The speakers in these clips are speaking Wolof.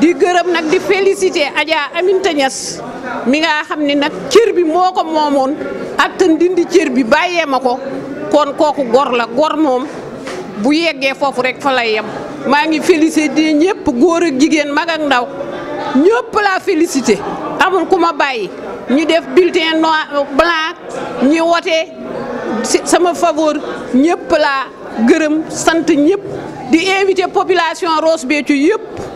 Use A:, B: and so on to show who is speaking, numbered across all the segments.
A: di gërëm nag di félicité Adja Aminta mi nga xam ni nag cër bi moo ko moomoon ak tan dindi cër bi bàyyee ma ko kon kooku gor la gor moom bu yeggee foofu rek fa lay yem. maa ngi di ñëpp góor a jigéen mag ak ndaw ñëpp laa félicité amul ku ma bàyyi ñi def bulletin noir blanc ñi wote sama faveur ñëpp laa gërëm sant ñëpp di invité population Ross Béthio yëpp.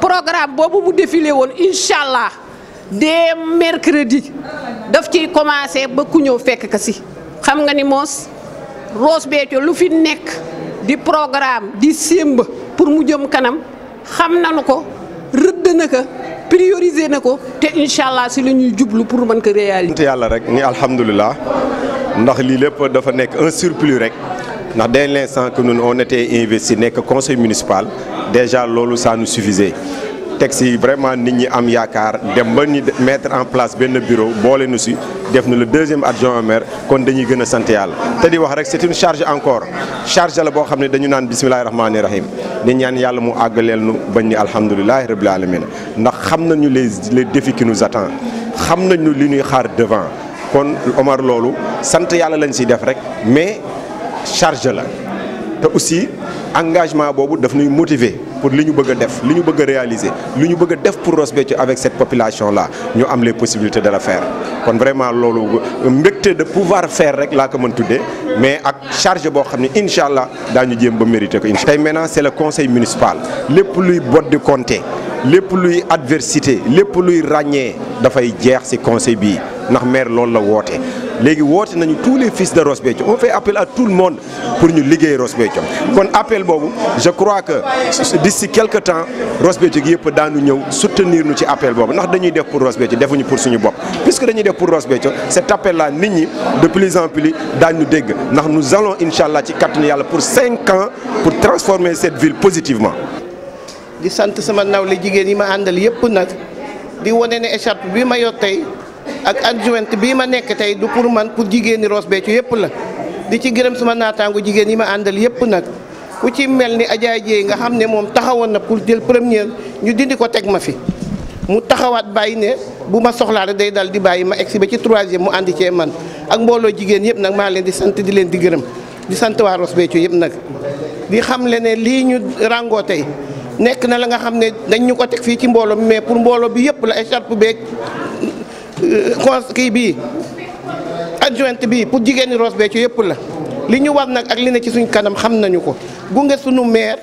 A: programme boobu mu défilé woon incha allah dès mercredi daf ciy commencé ba ku ñëw fekk ka si xam nga ni moos Ross Béthio lu fi nekk di programme di sémb pour mu jëm kanam xam na nanu ko rëdd na ko prioriser na ko te incha allah si la ñuy jublu pour mën ko réaliser.
B: sant yàlla rek ni alhamdulilah ndax lii lépp dafa nekk un surplus rek ndax dès l'instant que ñun on était investi nekk conseil municipal. déjà lolo ça nous suffisait texte vraiment nit ñi am yaakaar dem ba ñu mettre en place ben bureau boole nu ci def na le deuxième adjoint au maire kon dañuy gëna a yalla yàlla te di wax rek c'est une charge encore charge la bo xamné dañu nane bisimilahi rahmaani rahim di ñaan yalla mu àggaleel nu bañ ni alhamdulilahi rabil alamin ndax xamnañu les les défis qui nous attend xamnañu li ñuy xaar devant kon Omar lolu sant yalla lañ ci def rek mais charge la te aussi engagement doit daf motiver pour li ñu bëgg def bëgg réaliser li bëgg def pour respecter avec cette population là ñu am les possibilités de la faire kon vraiment le but de pouvoir faire rek la ko mën mais ak charge de la inshallah Inch'Allah, nous avons ba mériter maintenant c'est le conseil municipal Les luy botte de compter les luy adversité les luy da fay jeex ci conseil le ndax maire loolu la woté les gens nañu tous les fils de Rosbet. on fait appel à tout le monde pour nous liguer Rosbet. appel je crois que d'ici quelque temps Rosbet peut nous soutenir ñu ci appel Nous ndax dañuy def pour Ross defuñu pour suñu puisque dañuy def pour Ross cet appel là nit de plus en plus dans dégg nous allons Inch'Allah, pour 5 ans pour transformer cette ville positivement
C: di sant sama les jigéen yi ma àndal yëpp nag di wane été écharpe bi ma ak adjoint bi ma nek tay du pour man pour jigen ni Ross Béthio yep la di ci gërem suma naataangu jigen yi ma andal yep nak ku ci mel ni nga xamne ne taxawon na pour del premier ñu dindi ko tek ma fi mu taxawat bayine ne bu ma soxla rek day dal di bàyyi ma egsi ba ci mu andi ci man ak mbolo jigen yep nak ma leen di sante di leen di Santo di sante wa Ross yep nak di xam le ne li ñu rango tay nek na la nga xamne ne dañ ñu ko tek fi ci mbolo mais pour mbolo bi yep la écharpe cons kii bii adjointe bii pour jigéen ñi Ross Béthio yëpp la li ñu war nag ak li ne ci suñ kanam xam nañu ko gunge suñu maire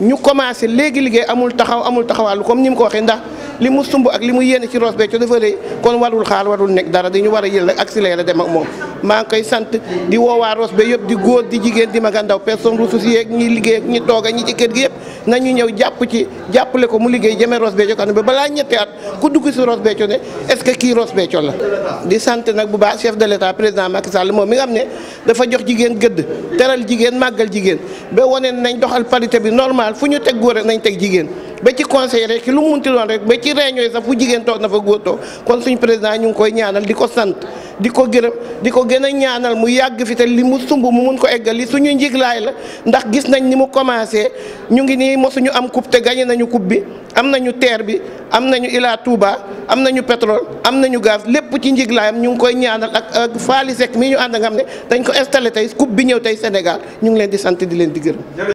C: ñu commencé léegi liggéey amul taxaw amul taxawaalu comme ni mu ko waxee ndax li mu sumb ak li mu yéene ci Ross Béthio dafa rëy kon warul xaar warul nekk dara dañu war a yël rek accéléré dem ak moom maa ngi koy sant di woowaa Ross Béthio di góor di jigéen di mag ak ndaw personne ressource yeeg ñi liggéey ak ñi toog ñi ci kër gi yëpp nañu ñëw jàpp ci jàppale ko mu liggéey jëmee Ross Béthio kanam ba balaa ñetti at ku dugg si Ross Béthio ne est-ce que kii Ross Béthio la di sant nag bu baax chef de l'État président Macky Sall moom mi am xam ne dafa jox jigéen gëdd teral jigéen màggal jigéen ba wane nañ doxal parité bi normal fu ñu teg góor nañ teg jigéen be ci conseil rek ci lu mu munti doon rek ba ci réunion yi sax fu jigéen toog na fa góor toog kon suñu président ñu ngi koy ñaanal di ko sant di ko gërëm di ko gën a ñaanal mu yàgg fi te li mu sumb mu mun ko eggal li suñu njiglaay la ndax gis nañ ni mu commencé ñu ngi nii mosuñu am coupe te gagné nañu coupe bi am nañu teer bi am nañu Ila Touba am nañu pétrole am nañu gaz lépp ci njiglaayam ñu ngi koy ñaanal ak ak Faly Seck mii ñu ànd nga xam ne dañ ko installé tey coupe bi ñëw tey Sénégal ñu ngi leen di sant di leen di gërëm.